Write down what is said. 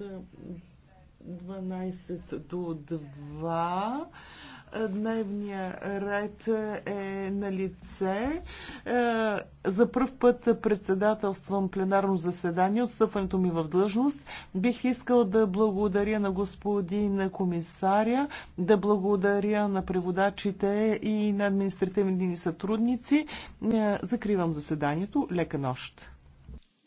от 12 до 2. Дневния ред е на лице. Е, за първ път председателствам пленарно заседание от стъпването ми в длъжност. Бих искал да благодаря на господин комисаря, да благодаря на преводачите и на административните ни сътрудници. Е, закривам заседанието. Лека нощ!